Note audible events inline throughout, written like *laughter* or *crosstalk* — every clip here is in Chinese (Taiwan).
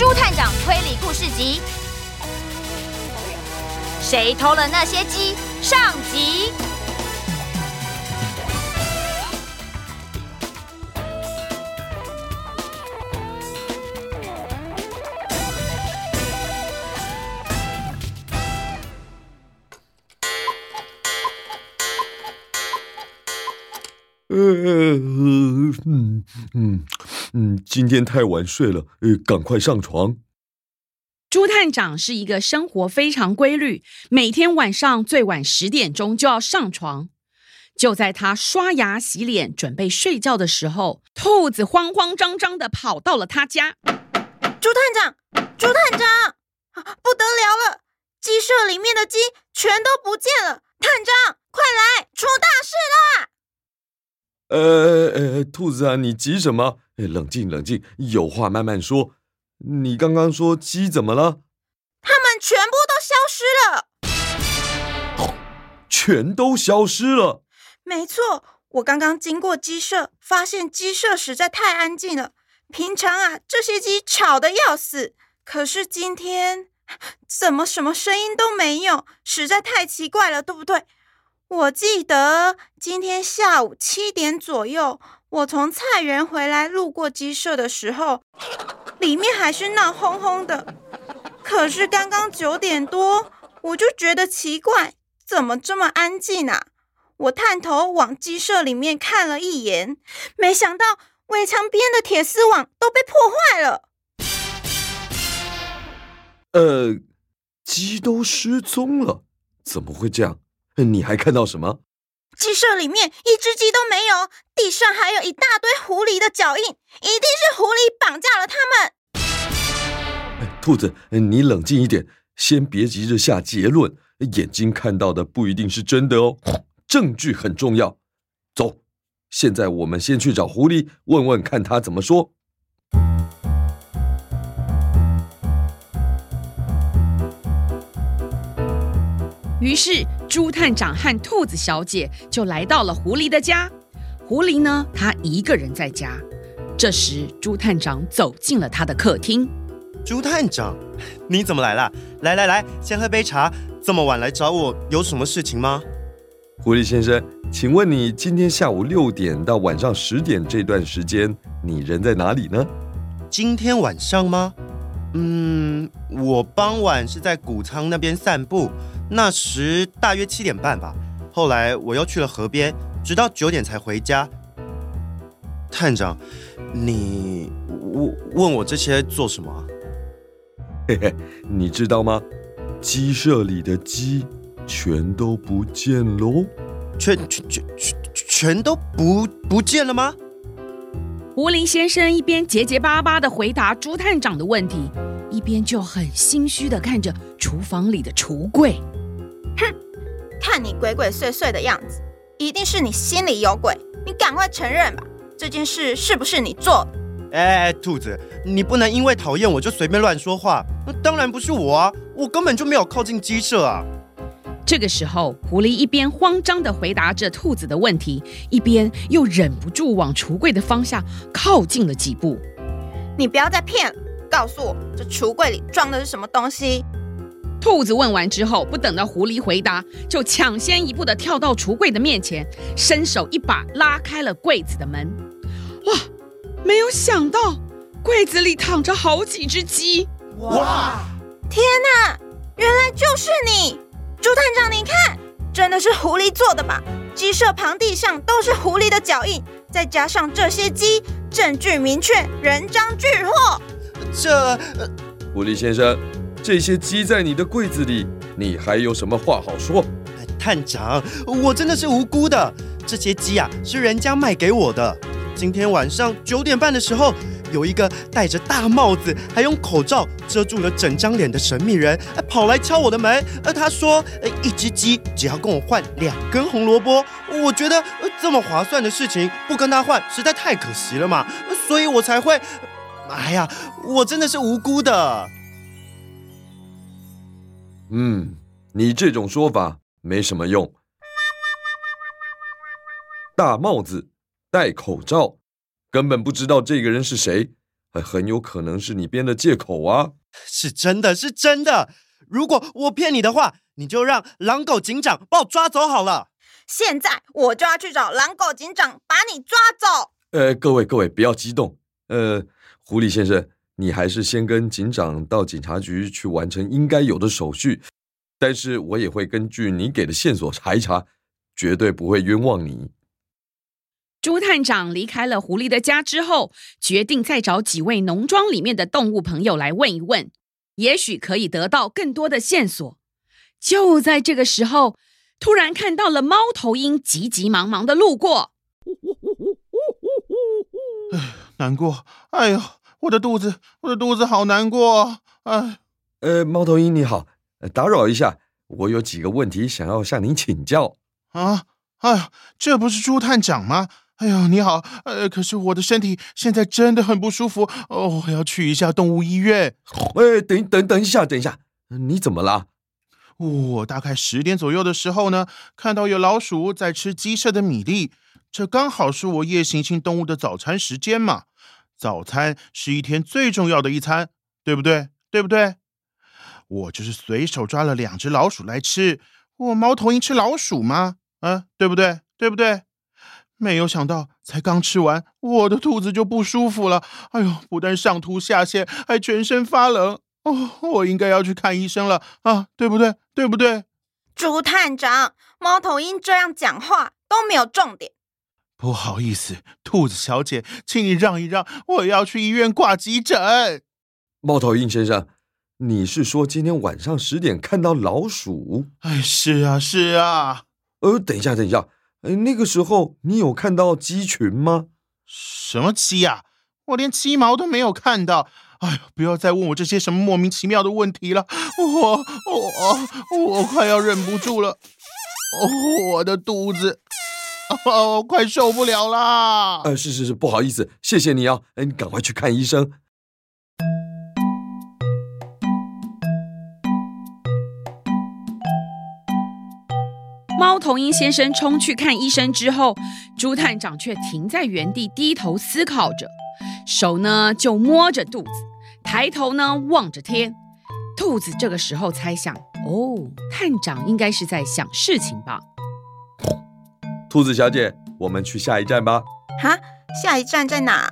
豬探長推理故事集：誰偷了那些雞？上集。嗯。嗯，嗯嗯，今天太晚睡了，呃，趕快上床。豬探長是一個生活非常規律，每天晚上最晚十點鐘就要上床。就在他刷牙洗臉準備睡覺的時候，兔子慌慌張張的跑到了他家。豬探長，豬探長，不得了了！雞舍裡面的雞全都不見了，探長，快來，出大事了！呃，兔子啊，你急什麼？冷靜冷靜，有話慢慢說。你剛剛說雞怎麼了？它們全部都消失了，全都消失了。沒錯，我剛剛經過雞舍，發現雞舍實在太安靜了。平常啊，這些雞吵得要死，可是今天怎麼什麼聲音都沒有？實在太奇怪了，對不對？我記得今天下午七點左右，我從菜園回來路過雞舍的時候，裡面還是鬧哄哄的。可是剛剛九點多，我就覺得奇怪，怎麼這麼安靜啊？我探頭往雞舍裡面看了一眼，沒想到圍牆邊的鐵絲網都被破壞了。呃，雞都失蹤了，怎麼會這樣？你還看到什麼？雞舍裡面一隻雞都沒有，地上還有一大堆狐狸的腳印，一定是狐狸綁架了他們！哎，兔子，你冷靜一點，先別急着下結論，眼睛看到的不一定是真的哦，證據很重要。走，現在我們先去找狐狸，問問看他怎麼說。於是。豬探長和兔子小姐就來到了狐狸的家。狐狸呢，他一個人在家。這時，豬探長走進了他的客廳。豬探長，你怎麼來了？來來來，先喝杯茶。這麼晚來找我，有什麼事情嗎？狐狸先生，請問你今天下午六點到晚上十點這段時間，你人在哪裡呢？今天晚上嗎？嗯，我傍晚是在穀倉那邊散步。那時大約七點半吧，後來我又去了河邊，直到九點才回家。探長，你問問我這些做什麼？嘿嘿，你知道嗎？雞舍裡的雞全都不見嘍。全全全全全都不不見了嗎？吳林先生一邊結結巴巴的回答豬探長的問題，一邊就很心虛的看着廚房裡的櫥櫃。哼，看你鬼鬼祟祟的樣子，一定是你心裡有鬼。你趕快承認吧，這件事是不是你做的？哎、欸，兔子，你不能因為討厭我就隨便亂說話。那當然不是我啊，我根本就沒有靠近雞舍啊。這個時候，狐狸一邊慌張地回答着兔子的問題，一邊又忍不住往櫥櫃的方向靠近了幾步。你不要再騙了，告訴我，這櫥櫃裡裝的是什麼東西？兔子問完之後，不等到狐狸回答，就搶先一步的跳到櫥櫃的面前，伸手一把拉開了櫃子的門。哇！沒有想到，櫃子裡躺着好幾隻雞。哇！天哪！原來就是你，豬探長，你看，真的是狐狸做的吧？雞舍旁地上都是狐狸的腳印，再加上這些雞，證據明確，人贓俱獲。這，狐狸先生。這些雞在你的櫃子裡，你還有什麼話好說？探長，我真的是無辜的。這些雞啊，是人家賣給我的。今天晚上九點半的時候，有一個戴着大帽子，還用口罩遮住了整張臉的神秘人，跑來敲我的門。而他說，一只雞，雞只要跟我換兩根紅蘿蔔。我覺得這麼划算的事情，不跟他換實在太可惜了嘛。所以我才會，哎呀，我真的是無辜的。嗯，你這種說法沒什麼用。大帽子戴口罩，根本不知道這個人是誰，還很有可能是你編的借口啊！是真的，是真的。如果我騙你的話，你就讓狼狗警長把我抓走好了。現在我就要去找狼狗警長把你抓走。呃，各位各位，不要激動。呃，狐狸先生。你還是先跟警長到警察局去完成應該有的手續，但是我也會根據你給的線索查一查，絕對不會冤枉你。豬探長離開了狐狸的家之後，決定再找幾位農莊裡面的動物朋友來問一問，也許可以得到更多的線索。就在這個時候，突然看到了貓頭鷹急急忙忙的路過。哎，難過，哎呦我的肚子，我的肚子好難過，哎。呃，貓頭鷹你好，打擾一下，我有幾個問題想要向您請教。啊，哎呀，這不是豬探長嗎？哎呀，你好，呃，可是我的身體現在真的很不舒服，哦，我要去一下動物醫院。哎，等等，等一下，等一下，你怎麼了？我、哦、大概十點左右的時候呢，看到有老鼠在吃雞舍的米粒，這剛好是我夜行性動物的早餐時間嘛。早餐是一天最重要的一餐，對不對？對不對？我就是隨手抓了兩隻老鼠來吃，我貓頭鷹吃老鼠嗎？啊、嗯，對不對？對不對？沒有想到，才剛吃完，我的肚子就不舒服了。哎呦，不但上吐下瀉，還全身發冷。哦，我應該要去看醫生了啊，對不對？對不對？豬探長，貓頭鷹這樣講話都沒有重點。不好意思。兔子小姐，請你讓一讓，我要去醫院掛急診。貓頭鷹先生，你是說今天晚上十點看到老鼠？哎，是啊，是啊。呃，等一下，等一下。哎，那個時候你有看到雞群嗎？什麼雞呀？我連雞毛都沒有看到。哎呀，不要再問我這些什麼莫名其妙的問題了，我我我快要忍不住了。哦，我的肚子。哦，快受不了啦！呃，是是是，不好意思，謝謝你啊、哦。哎，你趕快去看醫生。貓頭鷹先生衝去看醫生之後，豬探長卻停在原地，低頭思考着，手呢就摸着肚子，抬頭呢望着天。兔子這個時候猜想：哦，探長應該是在想事情吧。兔子小姐，我們去下一站吧。哈，下一站在哪？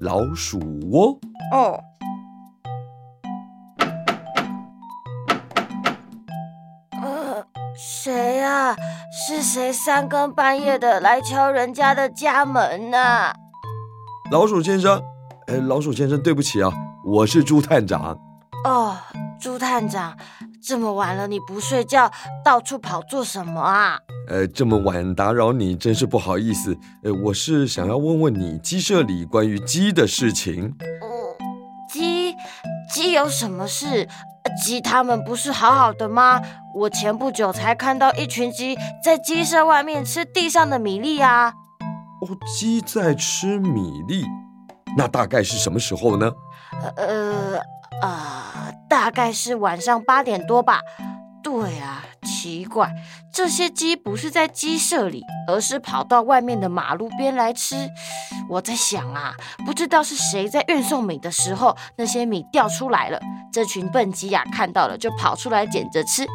老鼠窩。哦。呃，誰呀、啊？是誰三更半夜的來敲人家的家門呢、啊？老鼠先生，哎，老鼠先生，對不起啊，我是豬探長。哦，豬探長，這麼晚了你不睡覺，到處跑做什麼啊？呃，這麼晚打擾你，真是不好意思。呃，我是想要問問你，雞舍裡關於雞的事情。呃、雞雞有什麼事？雞它們不是好好的嗎？我前不久才看到一群雞在雞舍外面吃地上的米粒啊。哦，雞在吃米粒，那大概是什麼時候呢？呃啊、呃，大概是晚上八點多吧。對啊，奇怪，這些雞不是在雞舍裡，而是跑到外面的馬路邊來吃。我在想啊，不知道是誰在運送米的時候，那些米掉出來了，這群笨雞呀、啊、看到了就跑出來撿着吃。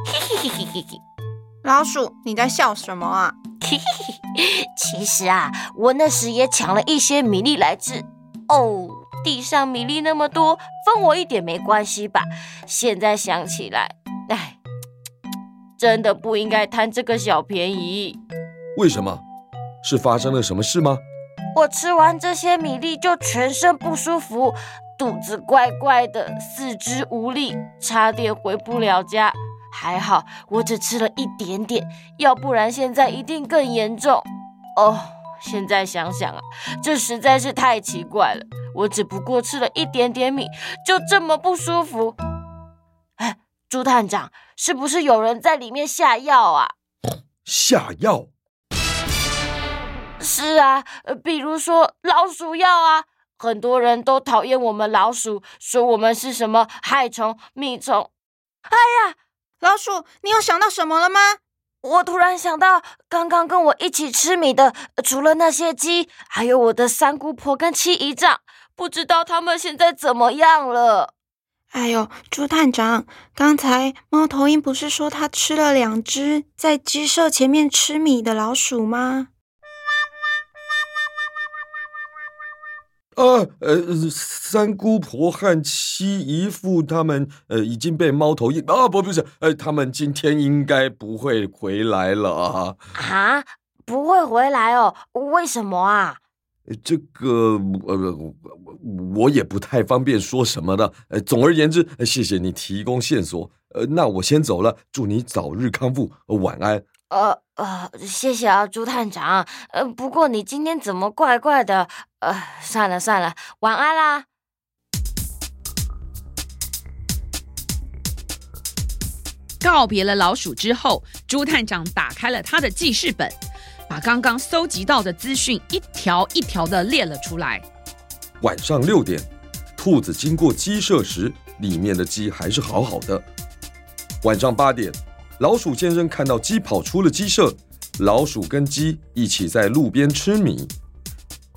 老鼠，你在笑什麼啊？ *laughs* 其實啊，我那時也搶了一些米粒來吃。哦，地上米粒那麼多，分我一點沒關係吧？現在想起來，唉。真的不應該貪這個小便宜。為什麼？是發生了什麼事嗎？我吃完這些米粒就全身不舒服，肚子怪怪的，四肢無力，差點回不了家。還好我只吃了一點點，要不然現在一定更嚴重。哦，現在想想啊，這實在是太奇怪了。我只不過吃了一點點米，就這麼不舒服。哎，豬探長。是不是有人在裡面下藥啊？下藥？是啊，比如說老鼠藥啊。很多人都討厭我們老鼠，說我們是什麼害蟲、米蟲。哎呀，老鼠，你有想到什麼了嗎？我突然想到，剛剛跟我一起吃米的，除了那些雞，還有我的三姑婆跟七姨丈，不知道他們現在怎麼樣了。哎呦，豬探長，剛才貓頭鷹不是說他吃了兩隻在雞舍前面吃米的老鼠嗎？啊，呃，三姑婆和七姨父他們，呃，已經被貓頭鷹啊，不，不是，呃，他們今天應該不會回來了啊。啊，不會回來哦？為什麼啊？這個，呃，我我也不太方便說什麼了。呃，總而言之，謝謝你提供線索。呃，那我先走了，祝你早日康復，呃，晚安。呃呃，謝謝啊，豬探長。呃，不過你今天怎麼怪怪的？呃，算了算了，晚安啦。告別了老鼠之後，豬探長打開了他的記事本。把剛剛搜集到的資訊一條一條的列了出來。晚上六點，兔子經過雞舍時，裡面的雞還是好好的。晚上八點，老鼠先生看到雞跑出了雞舍，老鼠跟雞一起在路邊吃米。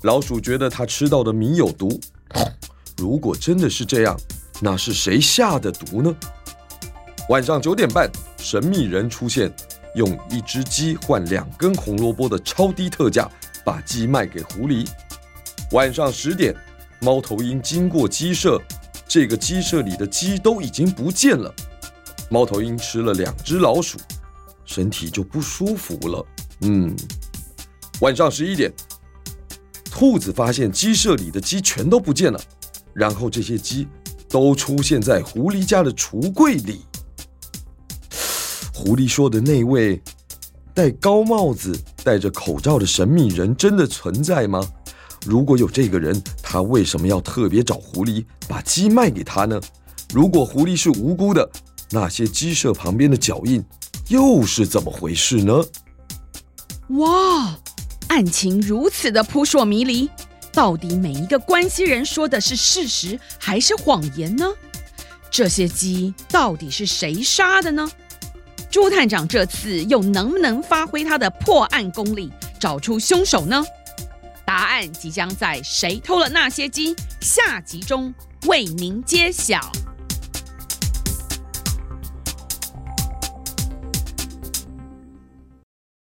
老鼠覺得它吃到的米有毒。如果真的是這樣，那是誰下的毒呢？晚上九點半，神秘人出現。用一只雞換兩根紅蘿蔔的超低特價，把雞賣給狐狸。晚上十點，貓頭鷹經過雞舍，這個雞舍裡的雞都已經不見了。貓頭鷹吃了兩只老鼠，身體就不舒服了。嗯，晚上十一點，兔子發現雞舍裡的雞全都不見了，然後這些雞都出現在狐狸家的櫥櫃裡。狐狸說的那位戴高帽子、戴着口罩的神秘人真的存在嗎？如果有這個人，他為什麼要特別找狐狸把雞賣給他呢？如果狐狸是無辜的，那些雞舍旁邊的腳印又是怎麼回事呢？哇，案情如此的撲朔迷離，到底每一個關係人說的是事實還是謊言呢？這些雞到底是誰殺的呢？豬探長這次又能不能發揮他的破案功力，找出兇手呢？答案即將在《誰偷了那些雞》下集中為您揭曉。